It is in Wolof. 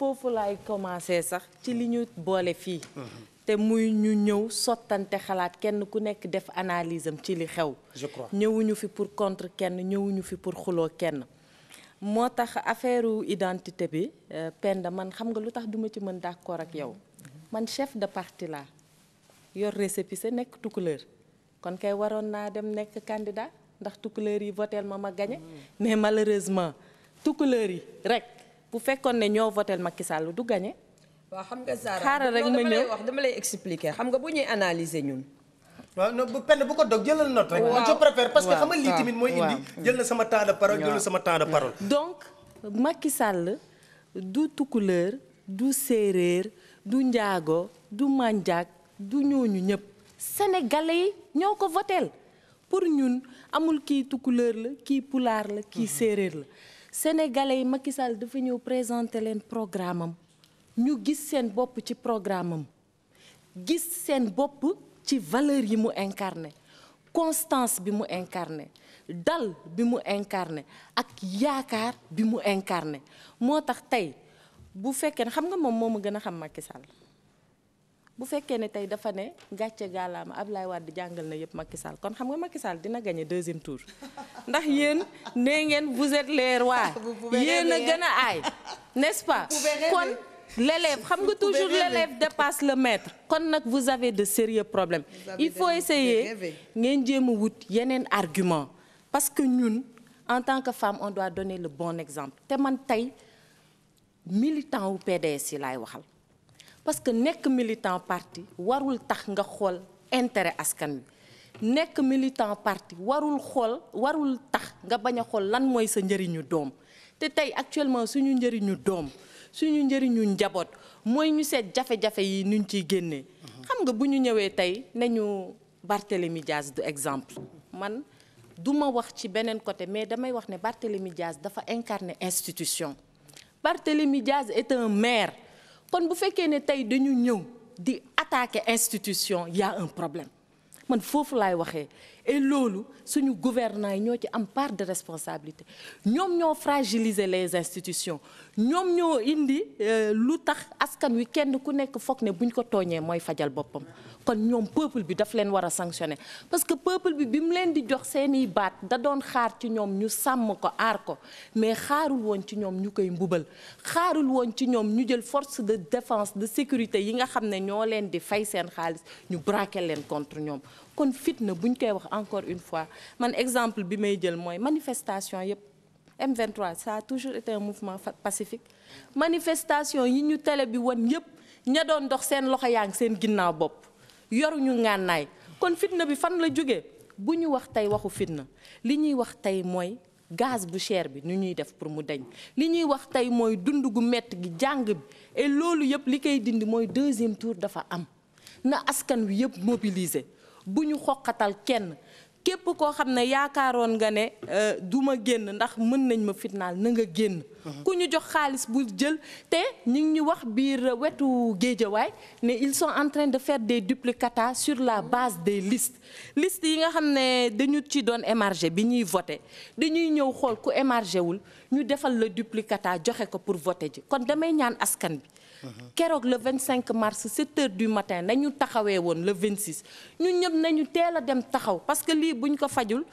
foofu laay commencé sax ci li ñu boole fii. te muy ñu ñëw sottante xalaat kenn ku nekk def analyse am ci li xew. je crois ñëwuñu fi pour contre kenn ñëwuñu fi pour xuloo kenn. moo tax affaire identité bi euh, Penda man xam nga lu tax duma ci mën d'accord ak yow man chef de parti laa yor récépissé nekk tukkuleer kon kay waroon naa dem nekk candidat ndax tukkuleer yi votel ma ma gañe mm. mais malheureusement tukkuleer yi rek. bu fekkoon ne ñoo votel Macky Sall du gagné. waaw xam nga Zara xaaral rek ma ñëw wax dama lay expliquer xam nga bu ñuy analyser ñun. waaw non bu penn bu ko dog jëlal note rek. man je préfère parce que xam nga lii tamit mooy indi. jël na sama temps de parole jël na sama temps de parole. donc Macky Sall du tukuleur du séeréer du njaago du manjaak du ñooñu ñëpp sénégalais yi ñoo ko voteel pour ñun amul kii tukuleur la kii pulaar la kii mm-hmm. séeréer la. sénégalais yi Macky Sall dafa ñëw présenter leen programme ñu gis seen bopp ci programmem gis seen bopp ci valeur yi mu incarné constance bi mu incarné dal bi mu incarné ak yaakaar bi mu incarné moo tax tey bu fekkee ne xam nga moom moo ma gën a xam Macky bu fekkee ne tey dafa ne gàcce gàllaama Ablaye Wade jàngal na yëpp Macky Sall kon xam nga Macky Sall dina gagné deuxième tour ndax yéen nee ngeen vous êtes leer rois yéen a gën a aay n'est-ce pas kon l'élève xam nga toujours l'élève dépasse le maître kon nag vous avez de sérieux problèmes il faut essayer ngeen jéem a wut yeneen argument parce que ñun en tant que femme on doit donner le bon exemple te man tey militant wu PDS yi laay waxal parce que nekk militant parti warul tax nga xool intéret askan wi nekk militant parti warul xool warul tax nga bañ a xool lan mooy sa njëriñu doom te tey actuellement suñu njëriñu doom suñu njëriñu njaboot mooy ñu seet jafe-jafe yi nuñ ciy génnee. xam nga bu ñu ñëwee tey nañu Barthélémy Diaz du exemple man du ma wax ci beneen côté mais damay wax ne Barthélémy Diaz dafa incarner institution Barthélémy Diaz est maire. kon bu fekkee ne tey dañu ñëw di attaquer institution y a un problème man foofu laay waxee et loolu suñu gouvernants yi ñoo ci am part de responsabilité ñoom ñoo fragiliser les institutions ñoom ñoo indi euh, lu tax askan wi kenn ku nekk foog ne bu buñ ko tooñee mooy fajal boppam kon ñoom peuple bi daf leen war a sanctionner parce que peuple bi bi mu leen di jox seeni baat da doon xaar ci ñoom ñu sàmm ko aar ko mais xaarul woon ci ñoom ñu koy mbubal xaarul woon ci ñoom ñu jël force de défense de sécurité yi nga xam ne ñoo leen di fay seen xaalis ñu braquer leen contre ñoom kon fitna buñ koy wax encore une fois man exemple bi may jël mooy manifestation yëpp M23 toujours été un pacifique manifestation yi ñu télé bi won yëpp ña doon dox seen loxo yaa seen ginnaaw bopp yoruñu ngànnaay kon fitna bi fan la jógee bu ñu wax tey waxu fitna li ñuy wax tey mooy gaz bu cher bi nu ñuy def pour mu dañ li ñuy wax tey mooy dund gu gi jàng bi loolu yëpp li koy dindi mooy deuxième tour dafa am na askan wi yëpp mobiliser bu ñu xoqatal kenn képp koo xam ne yaakaaroon nga ne euh, du ma génn ndax mën nañ ma fitnaal na nga génn mhm. ku ñu jox xaalis bu jël te ñu ngi ñu wax biir wetu géejawaay ne ils sont en de faire des duplicata sur la base des listes liste yi nga xam ne dañu ci doon émarger bi ñuy voté dañuy ñëw xool ku émarger wul ñu defal la duplicata joxe ko pour voté ji kon damay ñaan askan bi keroog le 25 mars 7 heures du matin nañu taxawee woon le 26 ñun ñëpp nañu teel a dem taxaw parce que lii buñ ko fajul